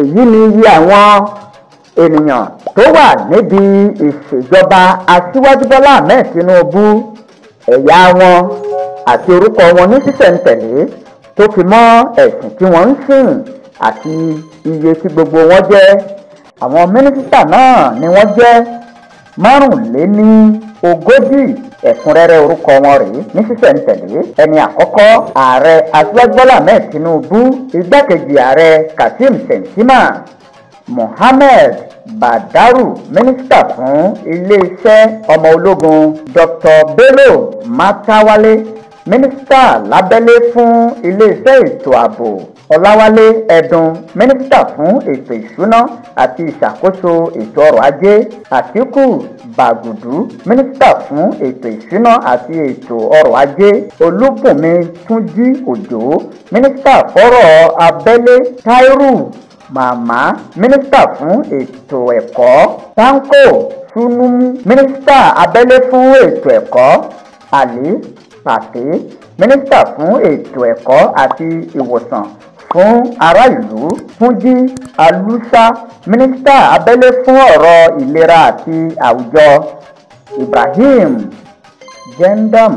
èyí ni iye àwọn ènìyàn tó wà níbi ìṣèjọba aṣíwájú bọ́lá ahmed tinubu ẹ̀yà wọn àti orúkọ wọn ní sísẹ̀ǹtẹ̀lé tó fi mọ́ ẹ̀sìn tí wọ́n ń sìn àti iye tí gbogbo wọn jẹ́ àwọn mínísítà náà ni wọ́n jẹ́ márùnléní ògójì ẹ̀kúnrẹ́rẹ́ orúkọ wọn rèé ní sísẹ̀ntẹ̀lé ẹni àkọ́kọ́ ààrẹ aṣọ́gbọ́lá ahmed tinubu igbákejì ààrẹ kazeem shentima mohammed badaru mínísítà fún iléeṣẹ́ ọmọ ológun dr bello matawale mínísítà lábẹ́lé fún iléeṣẹ́ ètò ààbò ọ̀làwálé ẹ̀dùn mínísítà fún ètò ìṣúná àti ìṣàkóso ètò ọrọ̀ ajé àtíkù bàgùdù mínísítà fún ètò ìṣúná àti ètò ọrọ̀ ajé olúbùnmi túnjí òjò mínísítà fọ́rọ̀ abẹ́lé táírù màmá mínísítà fún ètò ẹ̀kọ́ tanko sunumu mínísítà abẹ́lé fún ètò ẹ̀kọ́ ali pàtẹ mínísítà fún ètò ẹ̀kọ́ àti ìwòsàn fún ará ìlú túnjí àlùsà mínísítà abẹ́lé fún ọ̀rọ̀ ìlera àti àwùjọ ibrahim jendam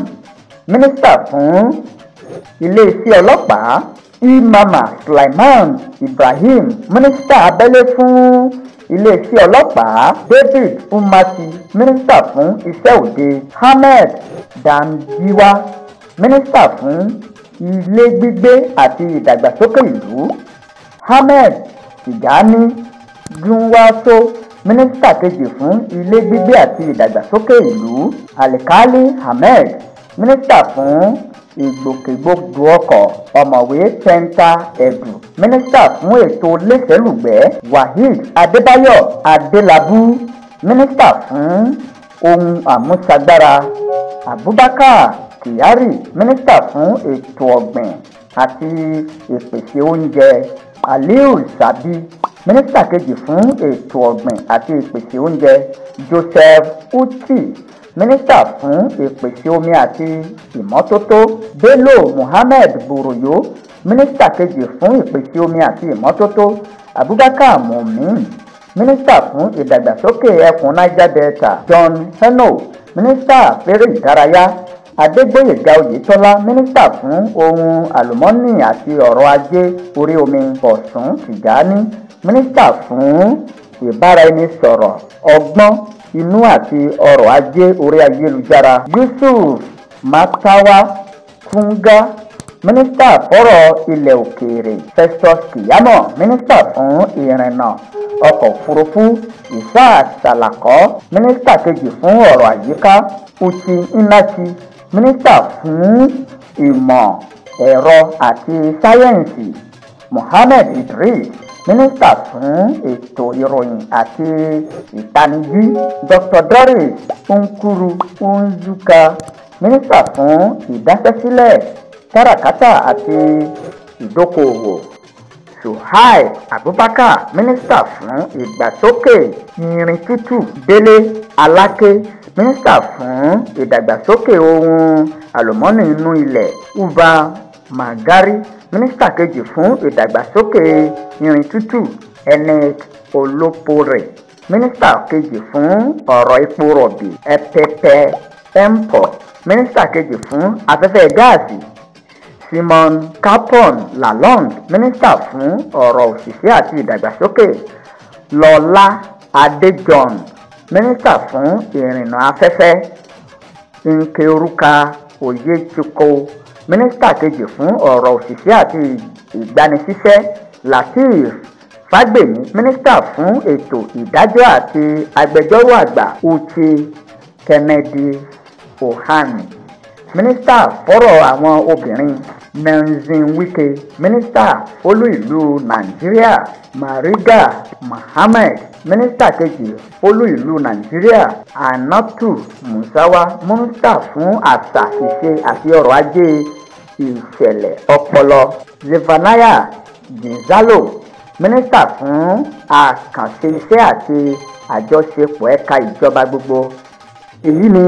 mínísítà fún iléeṣẹ́ ọlọ́pàá imama sulaiman ibrahim mínísítà abẹ́lé fún iléeṣẹ́ ọlọ́pàá david umati mínísítà fún iṣẹ́ òde ahmed danjiwa mínísítà fún ilé gbígbé àti ìdàgbàsókè ìlú ahmed tijani dunwaso mínísítà kejì fún ilé gbígbé àti ìdàgbàsókè ìlú alikali ahmed mínísítà fún ìgbòkègbodò ọkọ̀ ọ̀mọ̀wé penta ẹ̀dù mínísítà fún ètò lẹ́sẹ̀lùgbẹ́ waheed adébáyọ̀ adélábù mínísítà fún ohun àmúṣagbára abubakar kyari mínísítà fún ètò ọ̀gbìn àti ìpèsè oúnjẹ aliu sabi mínísítà kejì fún ètò ọ̀gbìn àti ìpèsè oúnjẹ joseph uti mínísítà fún ìpèsè omi àti ìmọ́tótó bello muhammed buroyo mínísítà kejì fún ìpèsè omi àti ìmọ́tótó abubakar mumin mínísítà fún ìdàgbàsókè ẹkùn niger delta john heno mínísítà fèrè ìdárayá adégbóyèga oyètọ́lá mínísítà fún ohun àlùmọ́nì àti ọ̀rọ̀ ajé orí omi ọ̀sùn tìjání mínísítà fún ìbáraẹnisọ̀rọ̀ ọgbọ́n inú àti ọrọ̀ ajé orí ayélujára yusuf matawa kunga mínísítà fọ́rọ̀ ilẹ̀ òkèèrè festus kiyamo mínísítà fún ìrìnnà ọkọ̀ òfurufú isaac salako mínísítà kejì fún ọ̀rọ̀ àyíká uchi nnachi mínísítà fún ìmọ̀ ẹ̀rọ àti sáyẹ́ǹsì Mohammed Idris mínísítà fún ètò ìròyìn àti ìtanijí Dr. Doris Nkuru Nzuka mínísítà fún ìdáṣẹ́sílẹ̀ káràkátà àti ìdókòòwò Suhaib Abubakar mínísítà fún ìgbàsókè irin tútù Délé Aláké mínísítà fún ìdàgbàsókè ohun àlùmọ́nì inú ilẹ̀ uba magari mínísítà kejì fún ìdàgbàsókè irin tútù enet olopore mínísítà kejì fún ọ̀rọ̀ epo rọ̀bì epepe empo mínísítà kejì fún afẹ́fẹ́ gáàsì simon capon lalong mínísítà fún ọ̀rọ̀ òṣìṣẹ́ àti ìdàgbàsókè lọ́lá adéjọ́n mínísítà fún ìrìnnà afẹ́fẹ́ nkeruka oyechukwu mínísítà kejì fún ọ̀rọ̀ òṣìṣẹ́ àti ìgbanisíṣẹ́ lateef fagbemi mínísítà fún ètò ìdájọ́ àti agbẹjọ́rò àgbà uche kennedy ohani mínísítà fọ́rọ̀ àwọn obìnrin menzin wike mínísítà olú ìlú nàìjíríà mariga mohammed mínísítà kejì olú ìlú nàìjíríà anatu musawa mínísítà fún àṣà ìṣe àti ọrọ̀ ajé ìṣẹ̀lẹ̀ ọpọlọ zephaniah ginzalo mínísítà fún àkànṣe iṣẹ́ àti àjọṣepọ̀ ẹ̀ka ìjọba gbogbo èyí ni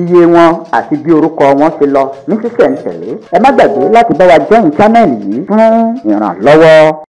iye wọn àti bí orúkọ wọn ṣe lọ ní sísẹ̀ǹtẹ̀lé ẹ má gbàgbé láti bá wa jẹ́yìn channel yìí fún ìrànlọ́wọ́.